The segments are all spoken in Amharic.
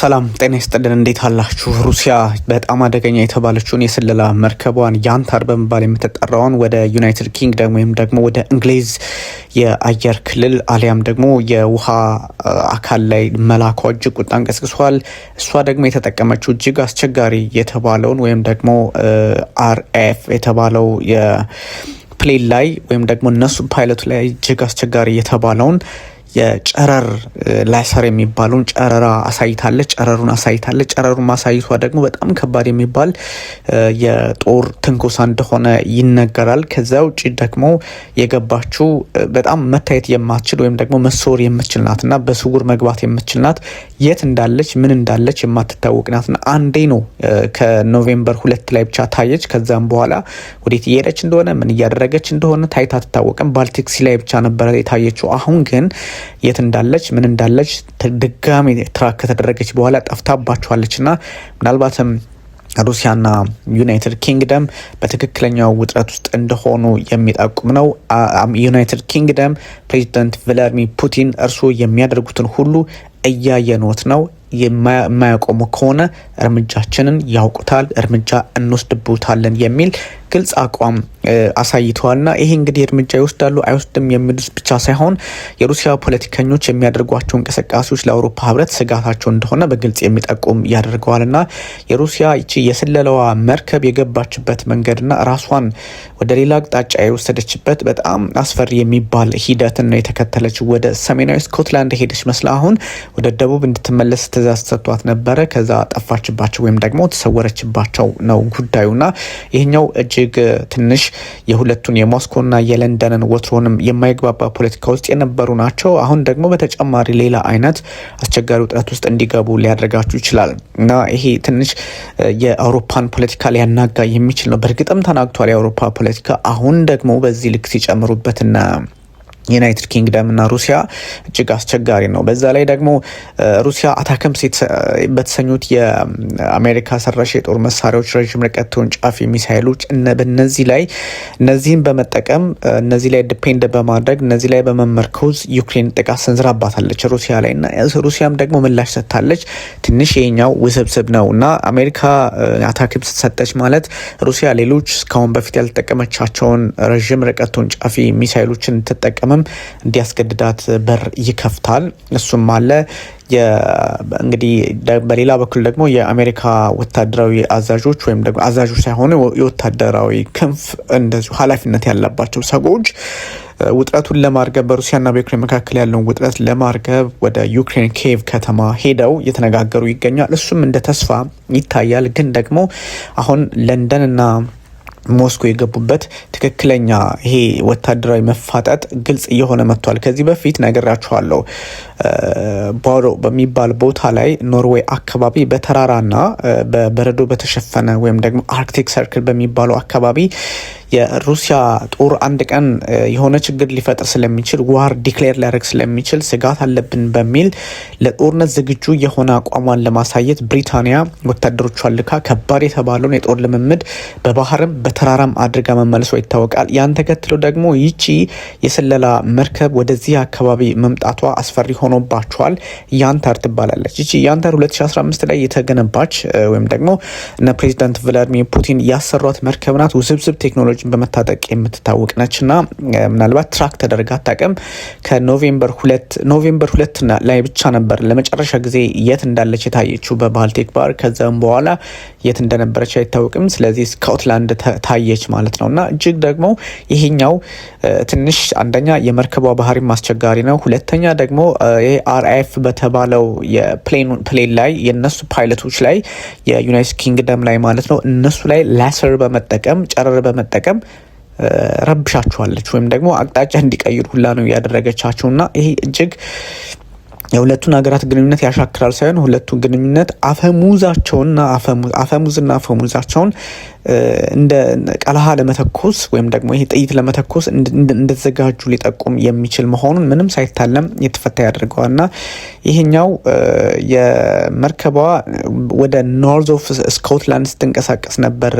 ሰላም ጤና ይስጥልን። እንዴት አላችሁ? ሩሲያ በጣም አደገኛ የተባለችውን የስለላ መርከቧን ያንታር በመባል የምትጠራውን ወደ ዩናይትድ ኪንግደም ወይም ደግሞ ወደ እንግሊዝ የአየር ክልል አሊያም ደግሞ የውሃ አካል ላይ መላኳ እጅግ ቁጣን ቀስቅሷል። እሷ ደግሞ የተጠቀመችው እጅግ አስቸጋሪ የተባለውን ወይም ደግሞ አርኤፍ የተባለው የፕሌን ላይ ወይም ደግሞ እነሱ ፓይለቱ ላይ እጅግ አስቸጋሪ የተባለውን የጨረር ላሰር የሚባለውን ጨረራ አሳይታለች። ጨረሩን አሳይታለች። ጨረሩን ማሳይቷ ደግሞ በጣም ከባድ የሚባል የጦር ትንኮሳ እንደሆነ ይነገራል። ከዚያ ውጭ ደግሞ የገባችው በጣም መታየት የማትችል ወይም ደግሞ መሰወር የምትችል ናት እና በስውር መግባት የምትችል ናት። የት እንዳለች ምን እንዳለች የማትታወቅ ናትና አንዴ ነው ከኖቬምበር ሁለት ላይ ብቻ ታየች። ከዛም በኋላ ወዴት እየሄደች እንደሆነ ምን እያደረገች እንደሆነ ታይታ አትታወቅም። ባልቲክ ሲ ላይ ብቻ ነበረ የታየችው። አሁን ግን የት እንዳለች ምን እንዳለች ድጋሚ ትራክ ከተደረገች በኋላ ጠፍታባችኋለች እና ምናልባትም ሩሲያና ዩናይትድ ኪንግደም በትክክለኛው ውጥረት ውስጥ እንደሆኑ የሚጠቁም ነው። ዩናይትድ ኪንግደም ፕሬዚደንት ቭላድሚር ፑቲን እርስ የሚያደርጉትን ሁሉ እያየኖት ነው። የማያቆሙ ከሆነ እርምጃችንን ያውቁታል፣ እርምጃ እንወስድብታለን የሚል ግልጽ አቋም አሳይተዋልና ይሄ እንግዲህ እርምጃ ይወስዳሉ አይወስድም የሚሉት ብቻ ሳይሆን የሩሲያ ፖለቲከኞች የሚያደርጓቸው እንቅስቃሴዎች ለአውሮፓ ህብረት ስጋታቸው እንደሆነ በግልጽ የሚጠቁም ያደርገዋልና የሩሲያ ይቺ የስለላዋ መርከብ የገባችበት መንገድና ራሷን ወደ ሌላ አቅጣጫ የወሰደችበት በጣም አስፈሪ የሚባል ሂደትን ነው የተከተለች። ወደ ሰሜናዊ ስኮትላንድ ሄደች መስላ አሁን ወደ ደቡብ እንድትመለስ ትእዛዝ ተሰጥቷት ነበረ። ከዛ ጠፋችባቸው ወይም ደግሞ ተሰወረችባቸው ነው ና ይህኛው እጅ እጅግ ትንሽ የሁለቱን የሞስኮና የለንደንን ወትሮንም የማይግባባ ፖለቲካ ውስጥ የነበሩ ናቸው። አሁን ደግሞ በተጨማሪ ሌላ አይነት አስቸጋሪ ውጥረት ውስጥ እንዲገቡ ሊያደርጋችሁ ይችላል እና ይሄ ትንሽ የአውሮፓን ፖለቲካ ሊያናጋ የሚችል ነው። በእርግጥም ተናግቷል የአውሮፓ ፖለቲካ አሁን ደግሞ በዚህ ልክ ሲጨምሩበትና ዩናይትድ ኪንግደም እና ሩሲያ እጅግ አስቸጋሪ ነው። በዛ ላይ ደግሞ ሩሲያ አታከምስ በተሰኙት የአሜሪካ ሰራሽ የጦር መሳሪያዎች ረዥም ርቀት ተወንጫፊ ሚሳይሎች በነዚህ ላይ እነዚህን በመጠቀም እነዚህ ላይ ዲፔንድ በማድረግ እነዚህ ላይ በመመርኮዝ ዩክሬን ጥቃት ሰንዝራባታለች ሩሲያ ላይ እና ሩሲያም ደግሞ ምላሽ ሰጥታለች። ትንሽ ይሄኛው ውስብስብ ነው እና አሜሪካ አታክም ስትሰጠች ማለት ሩሲያ ሌሎች እስካሁን በፊት ያልተጠቀመቻቸውን ረዥም ርቀት ተወንጫፊ ሚሳይሎችን ትጠቀመ እንድትሆንም እንዲያስገድዳት በር ይከፍታል። እሱም አለ። እንግዲህ በሌላ በኩል ደግሞ የአሜሪካ ወታደራዊ አዛዦች ወይም ደግሞ አዛዦች ሳይሆኑ የወታደራዊ ክንፍ እንደዚሁ ኃላፊነት ያለባቸው ሰዎች ውጥረቱን ለማርገብ በሩሲያና በዩክሬን መካከል ያለውን ውጥረት ለማርገብ ወደ ዩክሬን ኬቭ ከተማ ሄደው እየተነጋገሩ ይገኛል። እሱም እንደ ተስፋ ይታያል። ግን ደግሞ አሁን ለንደንና ሞስኮ የገቡበት ትክክለኛ ይሄ ወታደራዊ መፋጠጥ ግልጽ እየሆነ መጥቷል። ከዚህ በፊት ነገራችኋለሁ። ባሮ በሚባል ቦታ ላይ ኖርዌይ አካባቢ በተራራና በበረዶ በተሸፈነ ወይም ደግሞ አርክቲክ ሰርክል በሚባለው አካባቢ የሩሲያ ጦር አንድ ቀን የሆነ ችግር ሊፈጥር ስለሚችል ዋር ዲክሌር ሊያደርግ ስለሚችል ስጋት አለብን በሚል ለጦርነት ዝግጁ የሆነ አቋሟን ለማሳየት ብሪታንያ ወታደሮቿ ልካ ከባድ የተባለውን የጦር ልምምድ በባህርም በተራራም አድርጋ መመለሷ ይታወቃል። ያን ተከትሎ ደግሞ ይቺ የስለላ መርከብ ወደዚህ አካባቢ መምጣቷ አስፈሪ ሆኖባቸዋል። ያንተር ትባላለች። ይቺ ያንተር 2015 ላይ የተገነባች ወይም ደግሞ እነ ፕሬዚዳንት ቭላዲሚር ፑቲን ያሰሯት መርከብ ናት። ውስብስብ ቴክኖሎጂ መሳሪያዎችን በመታጠቅ የምትታወቅ ነች እና ምናልባት ትራክ ተደርጋ አታውቅም። ከኖቬምበር ሁለት ኖቬምበር ሁለት ላይ ብቻ ነበር ለመጨረሻ ጊዜ የት እንዳለች የታየችው በባልቲክ ባህር። ከዚም በኋላ የት እንደነበረች አይታወቅም። ስለዚህ ስኮትላንድ ታየች ማለት ነው እና እጅግ ደግሞ ይሄኛው ትንሽ አንደኛ የመርከቧ ባህሪም አስቸጋሪ ነው። ሁለተኛ ደግሞ ይሄ አርአይኤፍ በተባለው የፕሌን ላይ የነሱ ፓይለቶች ላይ የዩናይትድ ኪንግደም ላይ ማለት ነው እነሱ ላይ ላሰር በመጠቀም ጨረር በመጠቀም በመጠቀም ረብሻችኋለች ወይም ደግሞ አቅጣጫ እንዲቀይር ሁላ ነው እያደረገቻቸውና ይሄ እጅግ የሁለቱን ሀገራት ግንኙነት ያሻክራል ሳይሆን ሁለቱ ግንኙነት አፈሙዛቸውና አፈሙዝና አፈሙዛቸውን እንደ ቀልሃ ለመተኮስ ወይም ደግሞ ይሄ ጥይት ለመተኮስ እንደተዘጋጁ ሊጠቁም የሚችል መሆኑን ምንም ሳይታለም የተፈታ ያደርገዋል እና ይሄኛው የመርከቧ ወደ ኖርዝ ኦፍ ስኮትላንድ ስትንቀሳቀስ ነበር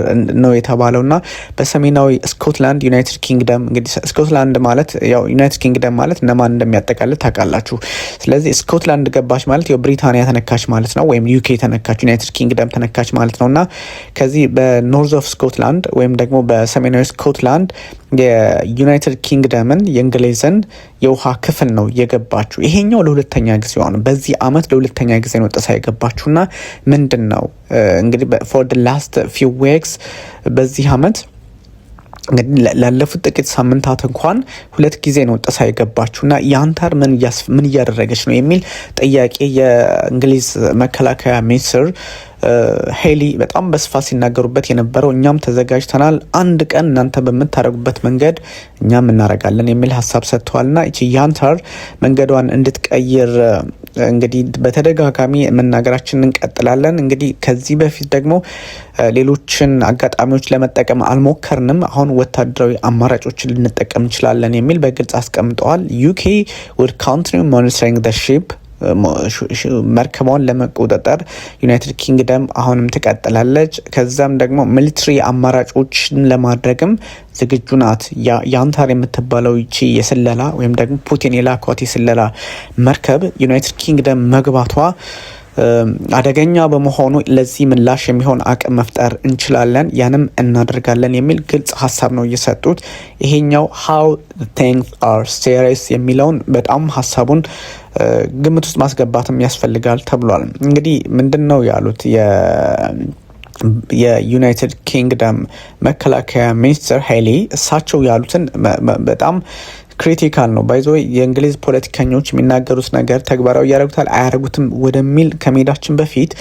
ነው የተባለው እና በሰሜናዊ ስኮትላንድ ዩናይትድ ኪንግደም እንግዲህ ስኮትላንድ ማለት ያው ዩናይትድ ኪንግደም ማለት እነማን እንደሚያጠቃልል ታውቃላችሁ። ስለዚህ ስኮትላንድ ገባች ማለት ያው ብሪታንያ ተነካች ማለት ነው፣ ወይም ዩኬ ተነካች፣ ዩናይትድ ኪንግደም ተነካች ማለት ነው እና ከዚህ በኖርዝ ኦፍ ስኮትላንድ ወይም ደግሞ በሰሜናዊ ስኮትላንድ የዩናይትድ ኪንግደምን የእንግሊዝን የውሃ ክፍል ነው የገባችው። ይሄኛው ለሁለተኛ ጊዜ ሆነ። በዚህ አመት ለሁለተኛ ጊዜ ነው ጥሳ የገባችሁና ምንድን ነው እንግዲህ ፎር ላስት ፊ ዌክስ በዚህ አመት ላለፉት ጥቂት ሳምንታት እንኳን ሁለት ጊዜ ነው ጥሳ የገባችሁ እና የአንተር ምን እያደረገች ነው የሚል ጥያቄ የእንግሊዝ መከላከያ ሚኒስትር ሄሊ በጣም በስፋት ሲናገሩበት የነበረው እኛም ተዘጋጅተናል፣ አንድ ቀን እናንተ በምታደርጉበት መንገድ እኛም እናደርጋለን የሚል ሀሳብ ሰጥተዋልና ይቺ ያንተር መንገዷን እንድትቀይር እንግዲህ በተደጋጋሚ መናገራችን እንቀጥላለን። እንግዲህ ከዚህ በፊት ደግሞ ሌሎችን አጋጣሚዎች ለመጠቀም አልሞከርንም። አሁን ወታደራዊ አማራጮችን ልንጠቀም እንችላለን የሚል በግልጽ አስቀምጠዋል። ዩኬ ውድ ኮንቲኒ ሞኒተሪንግ ሺፕ መርከቧን ለመቆጣጠር ዩናይትድ ኪንግደም አሁንም ትቀጥላለች። ከዛም ደግሞ ሚሊትሪ አማራጮችን ለማድረግም ዝግጁ ናት። የአንታር የምትባለው ይቺ የስለላ ወይም ደግሞ ፑቲን የላኳት የስለላ መርከብ ዩናይትድ ኪንግደም መግባቷ አደገኛ በመሆኑ ለዚህ ምላሽ የሚሆን አቅም መፍጠር እንችላለን፣ ያንም እናደርጋለን የሚል ግልጽ ሀሳብ ነው እየሰጡት። ይሄኛው ሃው ቲንግስ አር ሲሪየስ የሚለውን በጣም ሀሳቡን ግምት ውስጥ ማስገባትም ያስፈልጋል ተብሏል። እንግዲህ ምንድን ነው ያሉት የዩናይትድ ኪንግደም መከላከያ ሚኒስትር ሄሊ እሳቸው ያሉትን በጣም ክሪቲካል ነው ባይዞ የእንግሊዝ ፖለቲከኞች የሚናገሩት ነገር ተግባራዊ ያደርጉታል አያደርጉትም ወደሚል ከመሄዳችን በፊት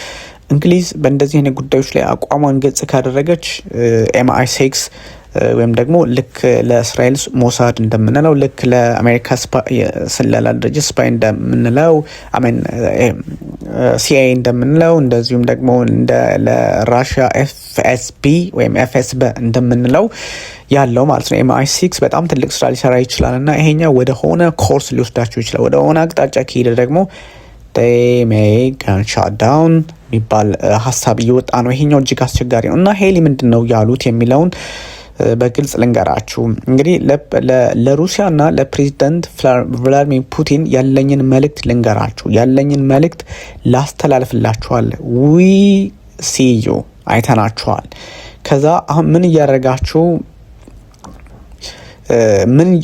እንግሊዝ በእንደዚህ አይነት ጉዳዮች ላይ አቋሟን ግልጽ ካደረገች ኤምአይ ሴክስ ወይም ደግሞ ልክ ለእስራኤል ሞሳድ እንደምንለው ልክ ለአሜሪካ ስለላ ድርጅት ስፓይ እንደምንለው ሲአይ እንደምንለው እንደዚሁም ደግሞ ለራሽያ ኤፍኤስቢ ወይም ኤፍኤስቢ እንደምንለው ያለው ማለት ነው። ኤምአይ ሲክስ በጣም ትልቅ ስራ ሊሰራ ይችላል እና ይሄኛው ወደሆነ ኮርስ ሊወስዳቸው ይችላል። ወደሆነ አቅጣጫ ከሄደ ደግሞ ሜይ ሻዳውን የሚባል ሀሳብ እየወጣ ነው። ይሄኛው እጅግ አስቸጋሪ ነው እና ሄሊ ምንድን ነው ያሉት የሚለውን በግልጽ ልንገራችሁ እንግዲህ ለሩሲያና ለፕሬዚደንት ቭላድሚር ፑቲን ያለኝን መልእክት ልንገራችሁ ያለኝን መልእክት ላስተላልፍላችኋል። ዊ ሲዩ አይተናችኋል። ከዛ አሁን ምን እያደረጋችሁ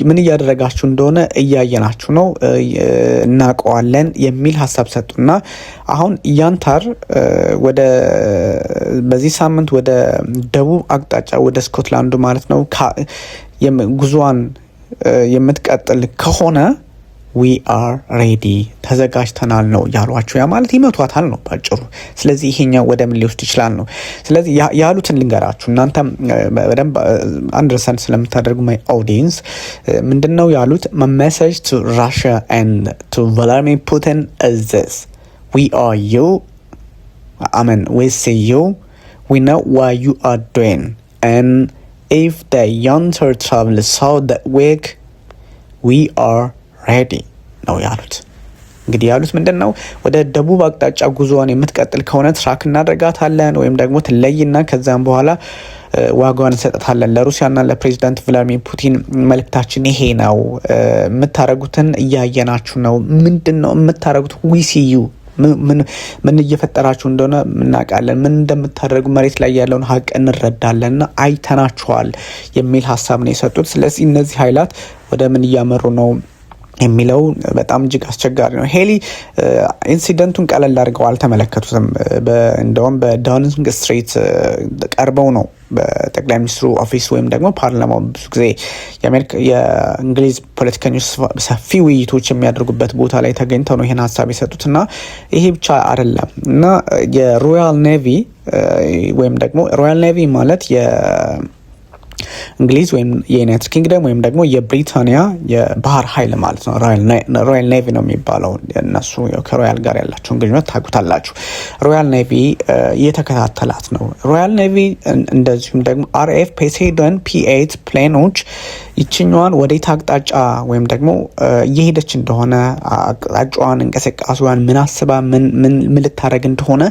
ምን እያደረጋችሁ እንደሆነ እያየናችሁ ነው፣ እናውቀዋለን የሚል ሀሳብ ሰጡና አሁን ያንታር ወደ በዚህ ሳምንት ወደ ደቡብ አቅጣጫ ወደ ስኮትላንዱ ማለት ነው ጉዟን የምትቀጥል ከሆነ ዊ አር ሬዲ ተዘጋጅተናል ነው ያሏቸው። ያ ማለት ይመቷታል ነው ባጭሩ። ስለዚህ ይሄኛው ወደ ምን ሊወስድ ይችላል ነው። ስለዚህ ያሉትን ልንገራችሁ እናንተም በደንብ አንደርሰን ስለምታደርጉ ማይ ኦዲየንስ ምንድን ነው ያሉት? መሰጅ ቱ ራሽያ ኤንድ ቱ ቭላድሚር ፑቲን እዝስ ዊ አር ዩ አመን ዊ ሲ ዩ ዊ ነው ዋ ዩ አር ዶን ን ኢፍ ደ ያንተር ትራቭል ሳውት ዊክ ዊ አር ሬዲ ነው ያሉት። እንግዲህ ያሉት ምንድን ነው? ወደ ደቡብ አቅጣጫ ጉዞዋን የምትቀጥል ከሆነ ትራክ እናደርጋታለን ወይም ደግሞ ትለይና ከዚያም በኋላ ዋጋዋን እንሰጠታለን። ለሩሲያና ለፕሬዚዳንት ቭላድሚር ፑቲን መልእክታችን ይሄ ነው። የምታደረጉትን እያየናችሁ ነው። ምንድን ነው የምታደረጉት? ዊሲዩ ምን እየፈጠራችሁ እንደሆነ እናውቃለን። ምን እንደምታደርጉ መሬት ላይ ያለውን ሀቅ እንረዳለንና አይተናችኋል የሚል ሀሳብ ነው የሰጡት። ስለዚህ እነዚህ ኃይላት ወደ ምን እያመሩ ነው የሚለው በጣም እጅግ አስቸጋሪ ነው። ሄሊ ኢንሲደንቱን ቀለል አድርገው አልተመለከቱትም። እንደውም በዳውኒንግ ስትሪት ቀርበው ነው በጠቅላይ ሚኒስትሩ ኦፊስ ወይም ደግሞ ፓርላማው ብዙ ጊዜ የእንግሊዝ ፖለቲከኞች ሰፊ ውይይቶች የሚያደርጉበት ቦታ ላይ ተገኝተው ነው ይህን ሀሳብ የሰጡት እና ይሄ ብቻ አይደለም እና የሮያል ኔቪ ወይም ደግሞ ሮያል ኔቪ ማለት እንግሊዝ ወይም የዩናይትድ ኪንግደም ወይም ደግሞ የብሪታንያ የባህር ኃይል ማለት ነው ሮያል ኔቪ ነው የሚባለው። እነሱ ከሮያል ጋር ያላቸውን ግንኙነት ታውቁታላችሁ። ሮያል ኔቪ እየተከታተላት ነው። ሮያል ኔቪ እንደዚሁም ደግሞ አርኤፍ ፔሴደን ፒኤት ፕሌኖች ይችኛዋን ወዴት አቅጣጫ ወይም ደግሞ እየሄደች እንደሆነ አቅጣጫዋን፣ እንቅስቃሴዋን ምን አስባ ምን ልታደረግ እንደሆነ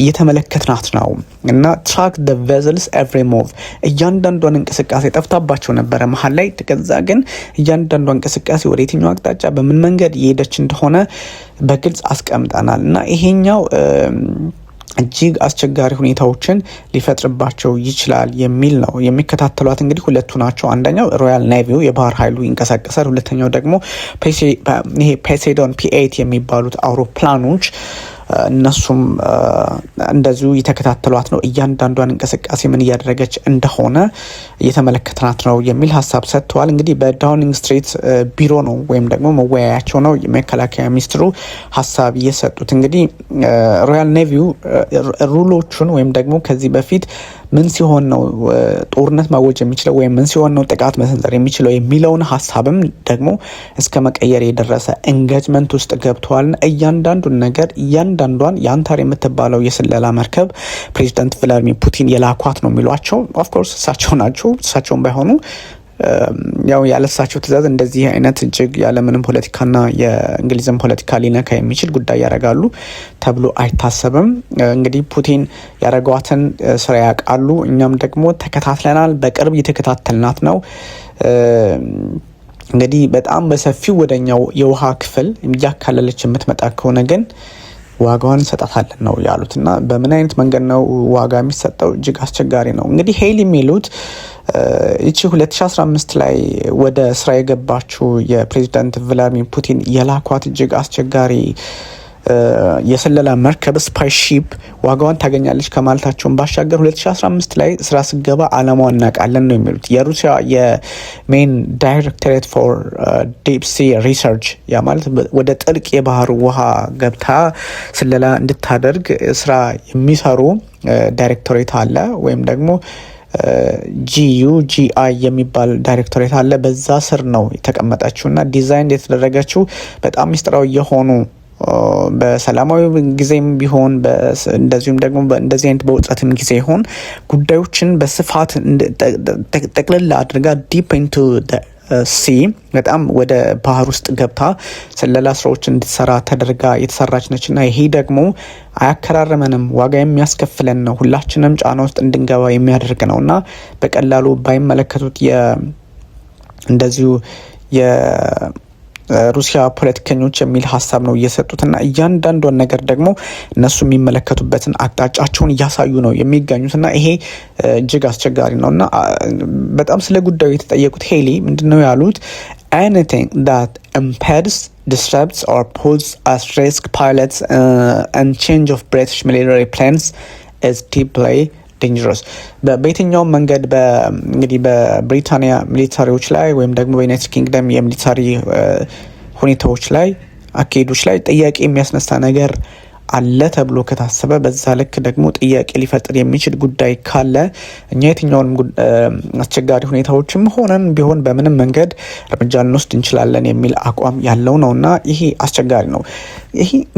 እየተመለከትናት ነው እና ትራክ ደ ቬዘልስ ኤቭሪ ሞቭ እያንዳንዷን እንቅስቃሴ ጠፍታባቸው ነበረ መሀል ላይ ከዛ ግን እያንዳንዷ እንቅስቃሴ ወደ የትኛው አቅጣጫ በምን መንገድ እየሄደች እንደሆነ በግልጽ አስቀምጠናል እና ይሄኛው እጅግ አስቸጋሪ ሁኔታዎችን ሊፈጥርባቸው ይችላል የሚል ነው። የሚከታተሏት እንግዲህ ሁለቱ ናቸው። አንደኛው ሮያል ናቪው የባህር ኃይሉ ይንቀሳቀሳል። ሁለተኛው ደግሞ ይሄ ፔሴዶን ፒኤት የሚባሉት አውሮፕላኖች እነሱም እንደዚሁ እየተከታተሏት ነው። እያንዳንዷን እንቅስቃሴ ምን እያደረገች እንደሆነ እየተመለከትናት ነው የሚል ሀሳብ ሰጥተዋል። እንግዲህ በዳውኒንግ ስትሪት ቢሮ ነው ወይም ደግሞ መወያያቸው ነው የመከላከያ ሚኒስትሩ ሀሳብ እየሰጡት እንግዲህ ሮያል ኔቪው ሩሎቹን ወይም ደግሞ ከዚህ በፊት ምን ሲሆን ነው ጦርነት ማወጅ የሚችለው ወይም ምን ሲሆን ነው ጥቃት መሰንዘር የሚችለው የሚለውን ሀሳብም ደግሞ እስከ መቀየር የደረሰ ኢንጌጅመንት ውስጥ ገብተዋል። እያንዳንዱን ነገር እያንዳንዷን የአንታር የምትባለው የስለላ መርከብ ፕሬዚደንት ቭላድሚር ፑቲን የላኳት ነው የሚሏቸው ኦፍኮርስ እሳቸው ናቸው። እሳቸውን ባይሆኑ ያው ያለሳቸው ትእዛዝ እንደዚህ አይነት እጅግ ያለምንም ፖለቲካና የእንግሊዝን ፖለቲካ ሊነካ የሚችል ጉዳይ ያደርጋሉ ተብሎ አይታሰብም። እንግዲህ ፑቲን ያደረጓትን ስራ ያውቃሉ። እኛም ደግሞ ተከታትለናል፣ በቅርብ የተከታተልናት ነው። እንግዲህ በጣም በሰፊው ወደኛው የውሃ ክፍል እያካለለች የምትመጣ ከሆነ ግን ዋጋዋን እንሰጣታለን ነው ያሉት። እና በምን አይነት መንገድ ነው ዋጋ የሚሰጠው? እጅግ አስቸጋሪ ነው። እንግዲህ ሄል የሚሉት ይቺ 2015 ላይ ወደ ስራ የገባችው የፕሬዚዳንት ቭላድሚር ፑቲን የላኳት እጅግ አስቸጋሪ የስለላ መርከብ ስፓይሺፕ ዋጋዋን ታገኛለች ከማለታቸውን ባሻገር 2015 ላይ ስራ ስገባ አላማዋ እናውቃለን ነው የሚሉት የሩሲያ የሜን ዳይሬክቶሬት ፎር ዲፕሲ ሪሰርች ያ ማለት ወደ ጥልቅ የባህር ውሃ ገብታ ስለላ እንድታደርግ ስራ የሚሰሩ ዳይሬክቶሬት አለ ወይም ደግሞ ጂዩ ጂአይ የሚባል ዳይሬክቶሬት አለ። በዛ ስር ነው የተቀመጠችው እና ዲዛይን የተደረገችው በጣም ሚስጥራዊ የሆኑ በሰላማዊ ጊዜም ቢሆን እንደዚሁም ደግሞ እንደዚህ አይነት በውጥረትም ጊዜ ይሆን ጉዳዮችን በስፋት ጠቅልል አድርጋ ዲፕ ኢንቱ ሲ በጣም ወደ ባህር ውስጥ ገብታ ስለላ ስራዎች እንድትሰራ ተደርጋ የተሰራች ነች እና ይሄ ደግሞ አያከራረመንም፣ ዋጋ የሚያስከፍለን ነው። ሁላችንም ጫና ውስጥ እንድንገባ የሚያደርግ ነው እና በቀላሉ ባይመለከቱት እንደዚሁ ሩሲያ ፖለቲከኞች የሚል ሀሳብ ነው እየሰጡትና እያንዳንዷን ነገር ደግሞ እነሱ የሚመለከቱበትን አቅጣጫቸውን እያሳዩ ነው የሚገኙት እና ይሄ እጅግ አስቸጋሪ ነው እና በጣም ስለ ጉዳዩ የተጠየቁት ሄሊ ምንድን ነው ያሉት anything that impeds disrupts or puts at risk pilots uh, and change of ዴንጀረስ በየትኛውም መንገድ እንግዲህ በብሪታንያ ሚሊታሪዎች ላይ ወይም ደግሞ በዩናይትድ ኪንግደም የሚሊታሪ ሁኔታዎች ላይ አካሄዶች ላይ ጥያቄ የሚያስነሳ ነገር አለ ተብሎ ከታሰበ በዛ ልክ ደግሞ ጥያቄ ሊፈጥር የሚችል ጉዳይ ካለ እኛ የትኛውንም አስቸጋሪ ሁኔታዎችም ሆነን ቢሆን በምንም መንገድ እርምጃ ልንወስድ እንችላለን የሚል አቋም ያለው ነው እና ይሄ አስቸጋሪ ነው።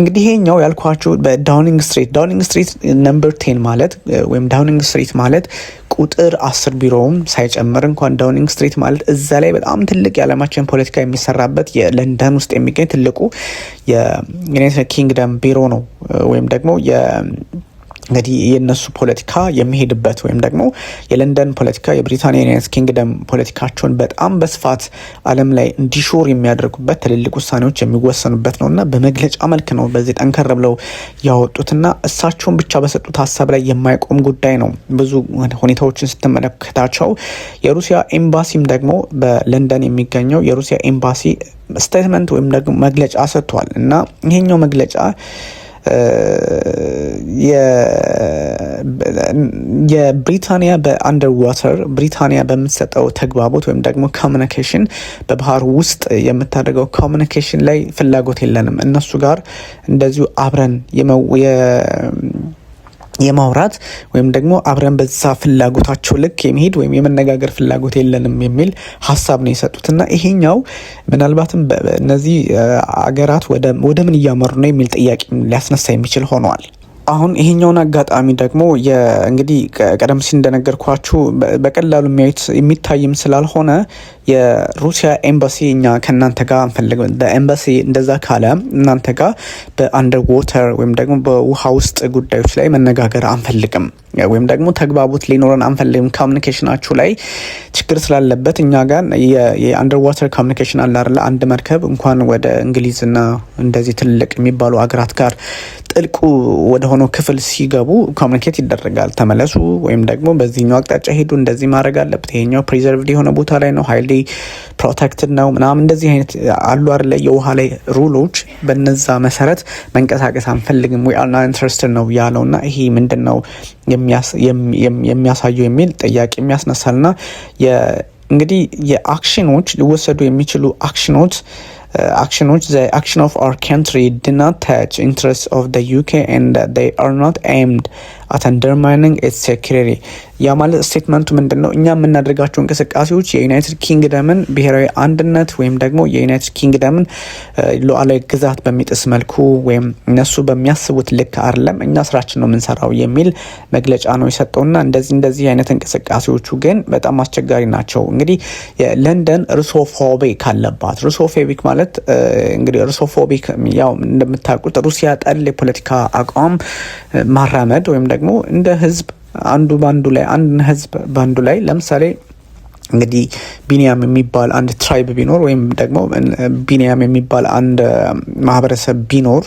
እንግዲህ ይሄኛው ያልኳችሁ በዳውኒንግ ስትሪት ዳውኒንግ ስትሪት ነምበር ቴን ማለት ወይም ዳውኒንግ ስትሪት ማለት ቁጥር አስር ቢሮውም ሳይጨምር እንኳን ዳውኒንግ ስትሪት ማለት እዛ ላይ በጣም ትልቅ የዓለማችን ፖለቲካ የሚሰራበት የለንደን ውስጥ የሚገኝ ትልቁ የዩናይትድ ኪንግደም ቢሮ ነው ወይም ደግሞ እንግዲህ የእነሱ ፖለቲካ የሚሄድበት ወይም ደግሞ የለንደን ፖለቲካ የብሪታንያ ዩናይትድ ኪንግደም ፖለቲካቸውን በጣም በስፋት ዓለም ላይ እንዲሾር የሚያደርጉበት ትልልቅ ውሳኔዎች የሚወሰኑበት ነው እና በመግለጫ መልክ ነው በዚህ ጠንከር ብለው ያወጡትና እሳቸውን ብቻ በሰጡት ሀሳብ ላይ የማይቆም ጉዳይ ነው። ብዙ ሁኔታዎችን ስትመለከታቸው የሩሲያ ኤምባሲም ደግሞ በለንደን የሚገኘው የሩሲያ ኤምባሲ ስቴትመንት ወይም ደግሞ መግለጫ ሰጥቷል እና ይሄኛው መግለጫ የብሪታንያ በአንደርዋተር ዋተር ብሪታንያ በምትሰጠው ተግባቦት ወይም ደግሞ ኮሚኒኬሽን በባህር ውስጥ የምታደርገው ኮሚኒኬሽን ላይ ፍላጎት የለንም። እነሱ ጋር እንደዚሁ አብረን የማውራት ወይም ደግሞ አብረን በዛ ፍላጎታቸው ልክ የመሄድ ወይም የመነጋገር ፍላጎት የለንም የሚል ሀሳብ ነው የሰጡት እና ይሄኛው ምናልባትም እነዚህ አገራት ወደ ምን እያመሩ ነው የሚል ጥያቄ ሊያስነሳ የሚችል ሆነዋል። አሁን ይሄኛውን አጋጣሚ ደግሞ እንግዲህ ቀደም ሲል እንደነገርኳችሁ በቀላሉ የሚያዩት የሚታይም ስላልሆነ የሩሲያ ኤምባሲ እኛ ከእናንተ ጋር አንፈልግ፣ ኤምባሲ እንደዛ ካለ እናንተ ጋር በአንደር ዎተር ወይም ደግሞ በውሃ ውስጥ ጉዳዮች ላይ መነጋገር አንፈልግም ወይም ደግሞ ተግባቦት ሊኖረን አንፈልግም። ኮሚኒኬሽናችሁ ላይ ችግር ስላለበት እኛ ጋር የአንደር ዋተር ኮሚኒኬሽን አለ አይደለ? አንድ መርከብ እንኳን ወደ እንግሊዝና እንደዚህ ትልቅ የሚባሉ ሀገራት ጋር ጥልቁ ወደ ሆነው ክፍል ሲገቡ ኮሚኒኬት ይደረጋል። ተመለሱ ወይም ደግሞ በዚህኛው አቅጣጫ ሄዱ፣ እንደዚህ ማድረግ አለበት፣ ይሄኛው ፕሪዘርቭድ የሆነ ቦታ ላይ ነው ሀይል ፕሮቴክትድ ነው ምናምን እንደዚህ አይነት አሉ አለ የውሃ ላይ ሩሎች። በነዛ መሰረት መንቀሳቀስ አንፈልግም ወይ አልና ኢንትረስትድ ነው ያለው እና ይሄ ምንድን ነው የሚያሳየው የሚል ጥያቄ የሚያስነሳልና እንግዲህ የአክሽኖች ሊወሰዱ የሚችሉ አክሽኖች አክሽኖች ዘ አክሽን ኦፍ አር ካንትሪ ድናት ናት ታች ኢንትረስት ኦፍ ዩኬ ኤንድ ር ኤምድ አት አንደርማይኒንግ ኢትስ ሴኪሪቲ። ያ ማለት ስቴትመንቱ ምንድን ነው? እኛ የምናደርጋቸው እንቅስቃሴዎች የዩናይትድ ኪንግደምን ብሔራዊ አንድነት ወይም ደግሞ የዩናይትድ ኪንግደምን ሉዓላዊ ግዛት በሚጥስ መልኩ ወይም እነሱ በሚያስቡት ልክ አይደለም፣ እኛ ስራችን ነው የምንሰራው የሚል መግለጫ ነው የሰጠውና እንደዚህ እንደዚህ አይነት እንቅስቃሴዎቹ ግን በጣም አስቸጋሪ ናቸው። እንግዲህ የለንደን ሩሶፎቤ ካለባት ሩሶፎቢክ ማለት እንግዲህ ሩሶፎቢክ ያው እንደምታውቁት ሩሲያ ጠል የፖለቲካ አቋም ማራመድ ወይም ደግሞ እንደ ህዝብ አንዱ ባንዱ ላይ አንድ ህዝብ ባንዱ ላይ ለምሳሌ እንግዲህ ቢኒያም የሚባል አንድ ትራይብ ቢኖር ወይም ደግሞ ቢኒያም የሚባል አንድ ማህበረሰብ ቢኖር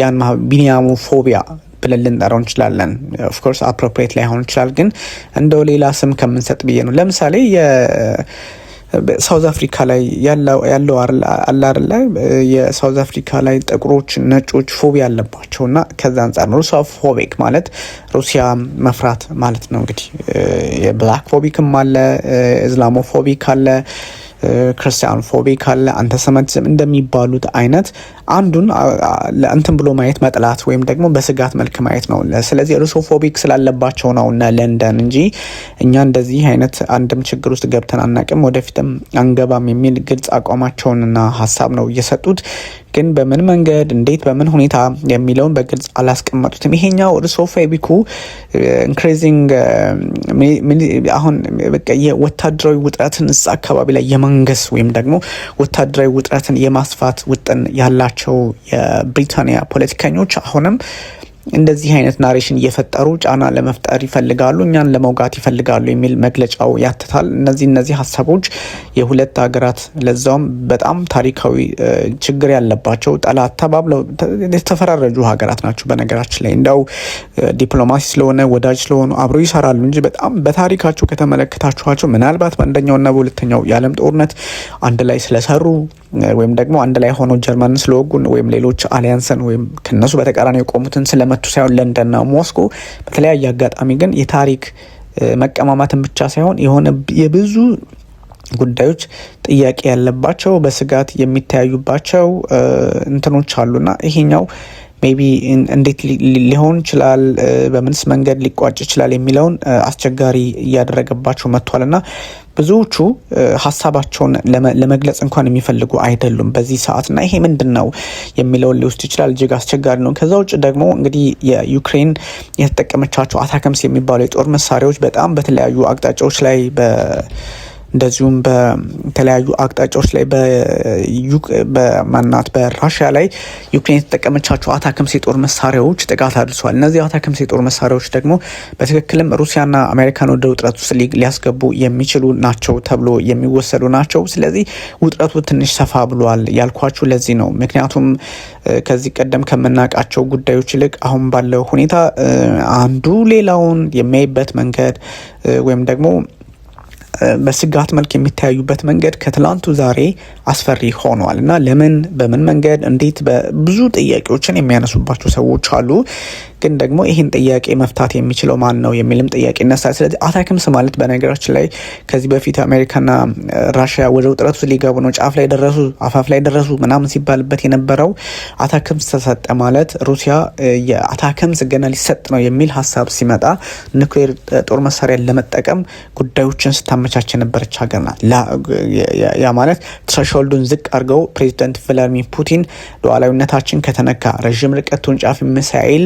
ያን ቢኒያሙ ፎቢያ ብለን ልንጠራው እንችላለን። ኦፍኮርስ አፕሮፕሬት ላይሆን ይችላል፣ ግን እንደው ሌላ ስም ከምንሰጥ ብዬ ነው። ለምሳሌ ሳውዝ አፍሪካ ላይ ያለው አላር ላይ የሳውዝ አፍሪካ ላይ ጥቁሮች፣ ነጮች ፎቢያ አለባቸው እና ከዛ አንጻር ነው ሩሲያ ፎቢክ ማለት ሩሲያ መፍራት ማለት ነው። እንግዲህ የብላክ ፎቢክም አለ፣ ኢስላሞፎቢክ አለ ክርስቲያን ፎቢክ አለ፣ አንተሰማቲዝም እንደሚባሉት አይነት አንዱን ለእንትን ብሎ ማየት መጥላት ወይም ደግሞ በስጋት መልክ ማየት ነው። ስለዚህ ሩሶፎቢክ ስላለባቸው ነው እና ለንደን እንጂ እኛ እንደዚህ አይነት አንድም ችግር ውስጥ ገብተን አናቅም፣ ወደፊትም አንገባም የሚል ግልጽ አቋማቸውንና ሀሳብ ነው እየሰጡት ግን በምን መንገድ እንዴት በምን ሁኔታ የሚለውን በግልጽ አላስቀመጡትም። ይሄኛው ርሶ ፌቢኩ ኢንክሪዚንግ አሁን በቃ የወታደራዊ ውጥረትን እዛ አካባቢ ላይ የመንገስ ወይም ደግሞ ወታደራዊ ውጥረትን የማስፋት ውጥን ያላቸው የብሪታንያ ፖለቲከኞች አሁንም እንደዚህ አይነት ናሬሽን እየፈጠሩ ጫና ለመፍጠር ይፈልጋሉ፣ እኛን ለመውጋት ይፈልጋሉ የሚል መግለጫው ያትታል። እነዚህ እነዚህ ሀሳቦች የሁለት ሀገራት ለዛውም በጣም ታሪካዊ ችግር ያለባቸው ጠላት ተባብለው የተፈራረጁ ሀገራት ናቸው። በነገራችን ላይ እንዲያው ዲፕሎማሲ ስለሆነ ወዳጅ ስለሆኑ አብረው ይሰራሉ እንጂ በጣም በታሪካቸው ከተመለከታችኋቸው ምናልባት በአንደኛውና በሁለተኛው የዓለም ጦርነት አንድ ላይ ስለሰሩ ወይም ደግሞ አንድ ላይ ሆኖ ጀርመን ስለወጉን ወይም ሌሎች አሊያንስን ወይም ከነሱ በተቃራኒ የቆሙትን ስለመቱ ሳይሆን ለንደንና ሞስኮ በተለያየ አጋጣሚ ግን የታሪክ መቀማማትን ብቻ ሳይሆን የሆነ የብዙ ጉዳዮች ጥያቄ ያለባቸው በስጋት የሚተያዩባቸው እንትኖች አሉና ይሄኛው ሜቢ ቢ እንዴት ሊሆን ይችላል፣ በምንስ መንገድ ሊቋጭ ይችላል የሚለውን አስቸጋሪ እያደረገባቸው መጥቷል እና ብዙዎቹ ሀሳባቸውን ለመግለጽ እንኳን የሚፈልጉ አይደሉም በዚህ ሰዓት እና ይሄ ምንድን ነው የሚለውን ሊወስድ ይችላል። እጅግ አስቸጋሪ ነው። ከዛ ውጭ ደግሞ እንግዲህ የዩክሬን የተጠቀመቻቸው አታከምስ የሚባሉ የጦር መሳሪያዎች በጣም በተለያዩ አቅጣጫዎች ላይ እንደዚሁም በተለያዩ አቅጣጫዎች ላይ በማናት በራሽያ ላይ ዩክሬን የተጠቀመቻቸው አታክምስ የጦር መሳሪያዎች ጥቃት አድርሰዋል። እነዚህ አታክምስ የጦር መሳሪያዎች ደግሞ በትክክልም ሩሲያና አሜሪካን ወደ ውጥረት ውስጥ ሊያስገቡ የሚችሉ ናቸው ተብሎ የሚወሰዱ ናቸው። ስለዚህ ውጥረቱ ትንሽ ሰፋ ብሏል ያልኳችሁ ለዚህ ነው። ምክንያቱም ከዚህ ቀደም ከምናውቃቸው ጉዳዮች ይልቅ አሁን ባለው ሁኔታ አንዱ ሌላውን የሚያይበት መንገድ ወይም ደግሞ በስጋት መልክ የሚተያዩበት መንገድ ከትላንቱ ዛሬ አስፈሪ ሆኗል እና ለምን በምን መንገድ እንዴት ብዙ ጥያቄዎችን የሚያነሱባቸው ሰዎች አሉ። ግን ደግሞ ይህን ጥያቄ መፍታት የሚችለው ማን ነው የሚልም ጥያቄ ይነሳል። ስለዚህ አታክምስ ማለት በነገራችን ላይ ከዚህ በፊት አሜሪካና ራሽያ ወደ ውጥረት ውስጥ ሊገቡ ነው፣ ጫፍ ላይ ደረሱ፣ አፋፍ ላይ ደረሱ ምናምን ሲባልበት የነበረው አታክምስ ተሰጠ ማለት ሩሲያ የአታክምስ ገና ሊሰጥ ነው የሚል ሀሳብ ሲመጣ ኒውክሌር ጦር መሳሪያን ለመጠቀም ጉዳዮችን ስታ ስታመቻች የነበረች ሀገር ናት። ያ ማለት ትረሾልዱን ዝቅ አድርገው ፕሬዚደንት ቭላድሚር ፑቲን ሉዓላዊነታችን ከተነካ ረዥም ርቀት ቱንጫፊ ሚሳኤል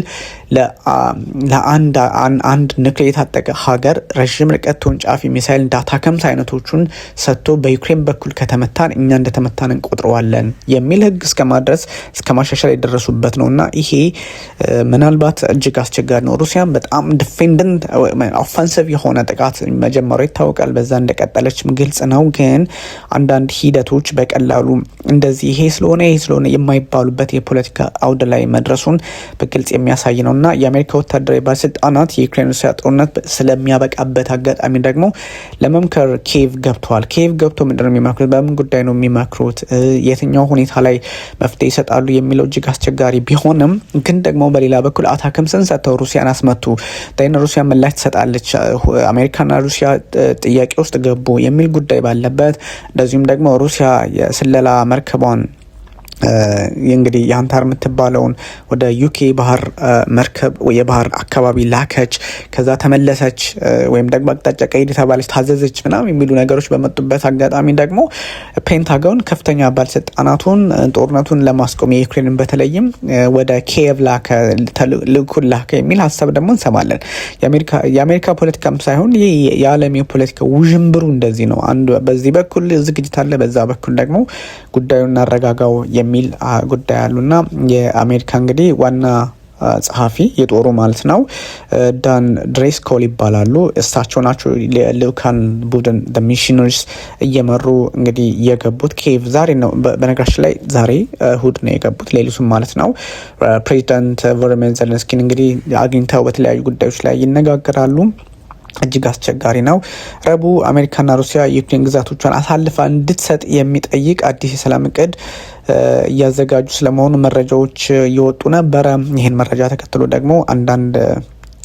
ለአንድ ንክሌ የታጠቀ ሀገር ረዥም ርቀት ጫፊ ሚሳኤል እንዳታከምት አይነቶቹን ሰጥቶ በዩክሬን በኩል ከተመታን እኛ እንደተመታን እንቆጥረዋለን የሚል ህግ እስከ ማድረስ እስከ ማሻሻል የደረሱበት ነው እና ይሄ ምናልባት እጅግ አስቸጋሪ ነው። ሩሲያን በጣም ዲፌንደንት ኦፈንሲቭ የሆነ ጥቃት መጀመሩ ይታወቃል። እንደዛ እንደቀጠለችም ግልጽ ነው። ግን አንዳንድ ሂደቶች በቀላሉ እንደዚህ ይሄ ስለሆነ ይሄ ስለሆነ የማይባሉበት የፖለቲካ አውድ ላይ መድረሱን በግልጽ የሚያሳይ ነው እና የአሜሪካ ወታደራዊ ባለስልጣናት የዩክሬን ሩሲያ ጦርነት ስለሚያበቃበት አጋጣሚ ደግሞ ለመምከር ኬቭ ገብተዋል። ኬቭ ገብቶ ምንድን ነው የሚመክሩት? በምን ጉዳይ ነው የሚመክሩት? የትኛው ሁኔታ ላይ መፍትሄ ይሰጣሉ የሚለው እጅግ አስቸጋሪ ቢሆንም ግን ደግሞ በሌላ በኩል አታክም ስንሰጥተው ሩሲያን አስመቱ ሩሲያ ምላሽ ትሰጣለች። አሜሪካና ሩሲያ ጥያቄ ውስጥ ገቡ የሚል ጉዳይ ባለበት እንደዚሁም ደግሞ ሩሲያ የስለላ መርከቧን እንግዲህ የአንታር የምትባለውን ወደ ዩኬ ባህር መርከብ የባህር አካባቢ ላከች። ከዛ ተመለሰች ወይም ደግሞ አቅጣጫ ቀይድ የተባለች ታዘዘች ምናምን የሚሉ ነገሮች በመጡበት አጋጣሚ ደግሞ ፔንታጎን ከፍተኛ ባለስልጣናቱን ጦርነቱን ለማስቆም የዩክሬንን በተለይም ወደ ኪየቭ ላከ ልኩን ላከ የሚል ሀሳብ ደግሞ እንሰማለን። የአሜሪካ ፖለቲካም ሳይሆን ይህ የዓለም የፖለቲካ ውዥንብሩ እንደዚህ ነው። አንዱ በዚህ በኩል ዝግጅት አለ፣ በዛ በኩል ደግሞ ጉዳዩን እናረጋጋው የሚል ጉዳይ አሉና የአሜሪካ እንግዲህ ዋና ጸሐፊ የጦሩ ማለት ነው ዳን ድሬስ ኮል ይባላሉ። እሳቸው ናቸው ልኡካን ቡድን ሚሽነሪስ እየመሩ እንግዲህ የገቡት ኬቭ ዛሬ ነው። በነገራችን ላይ ዛሬ እሁድ ነው የገቡት ሌሊቱም ማለት ነው። ፕሬዚዳንት ቮሎዲሚር ዘለንስኪን እንግዲህ አግኝተው በተለያዩ ጉዳዮች ላይ ይነጋገራሉ። እጅግ አስቸጋሪ ነው። ረቡ አሜሪካና ሩሲያ የዩክሬን ግዛቶቿን አሳልፋ እንድትሰጥ የሚጠይቅ አዲስ የሰላም እቅድ እያዘጋጁ ስለመሆኑ መረጃዎች እየወጡ ነበረ። ይህን መረጃ ተከትሎ ደግሞ አንዳንድ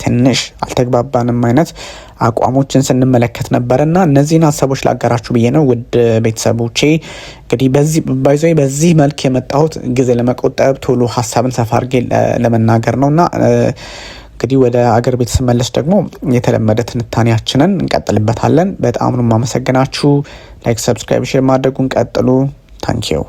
ትንሽ አልተግባባንም አይነት አቋሞችን ስንመለከት ነበር እና እነዚህን ሀሳቦች ላጋራችሁ ብዬ ነው ውድ ቤተሰቦቼ። እንግዲህ በዚህ ባይዞ በዚህ መልክ የመጣሁት ጊዜ ለመቆጠብ ቶሎ ሀሳብን ሰፋ አድርጌ ለመናገር ነው እና እንግዲህ ወደ አገር ቤት ስመለስ ደግሞ የተለመደ ትንታኔያችንን እንቀጥልበታለን። በጣም ነው የማመሰግናችሁ። ላይክ፣ ሰብስክራይብ፣ ሼር ማድረጉን ቀጥሉ። ታንኪዩ